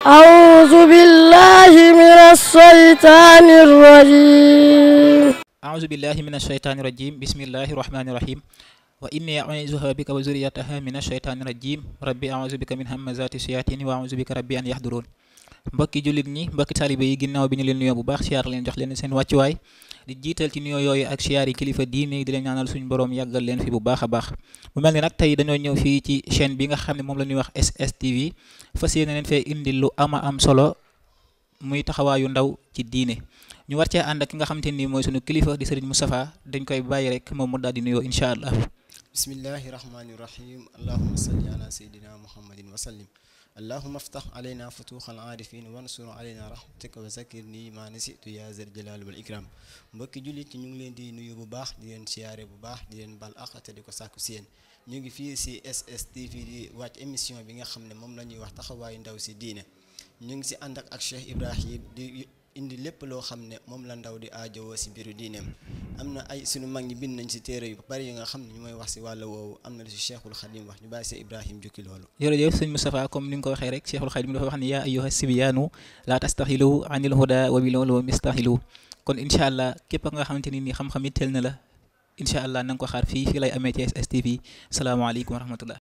أعوذ بالله من الشيطان الرجيم أعوذ بالله من الشيطان الرجيم بسم الله الرحمن الرحيم وإني أعوذ بك وزريتها من الشيطان الرجيم ربي أعوذ بك من همزات الشياطين وأعوذ بك ربي أن يحضرون mbokki jullit ñi mbokki talibe yi ginnaaw bi ñu leen nuyoo bu baax siyaar leen jox leen seen wàccuwaay di jiital ci nuyoo yooyu ak siyaar yi kilifa diine di leen ñaanal suñu borom yàggal leen fi bu baax a baax mu mel ni nag tey dañoo ñëw fii ci chaîne bi nga xam ne moom la ñuy wax SSTV fas yéene leen fee indi lu ama am solo muy taxawaayu ndaw ci diine ñu war cee ànd ki nga xamante ni mooy suñu kilifa di sëriñ Moustapha dañ koy bàyyi rek moom mu daal di nuyoo incha allah بسم الله الرحمن الرحيم اللهم صل على سيدنا محمد وسلم اللهم افتح علينا فتوح العارفين وانصر علينا رحمتك وذكرني ما نسيت يا ذا الجلال والاكرام مبك جوليت نيغي لين دي نويو بو باخ دي لين سياري بو باخ دي لين بال اخ تي ديكو ساكو سين نيغي في سي اس اس تي في دي واج ايميسيون بيغا خامني موم لا نيو واخ تخواي نداو سي دينا نيغي سي اندك اك شيخ ابراهيم دي indi lépp lo xamne mom la ndaw di aajo wo ci biru dinem amna ay sunu magni ñi bind nañ ci téré yu bari nga xamne ñu may wax ci wàll woowu amna ci cheikhul khadim wax ñu ba ci ibrahim jukki yoro jeuf seigne Moustapha comme ni nga ko waxee rek cheikhul khadim dafa wax ni ya ayyuha sibyanu la tastahilu anil huda wa bil bilolu mustahilu kon inshallah kep nga xamanteni ni xam-xam it teel na la inshallah nang ko xaar fi fi lay amé ci STV assalamu alaykum wa rahmatullah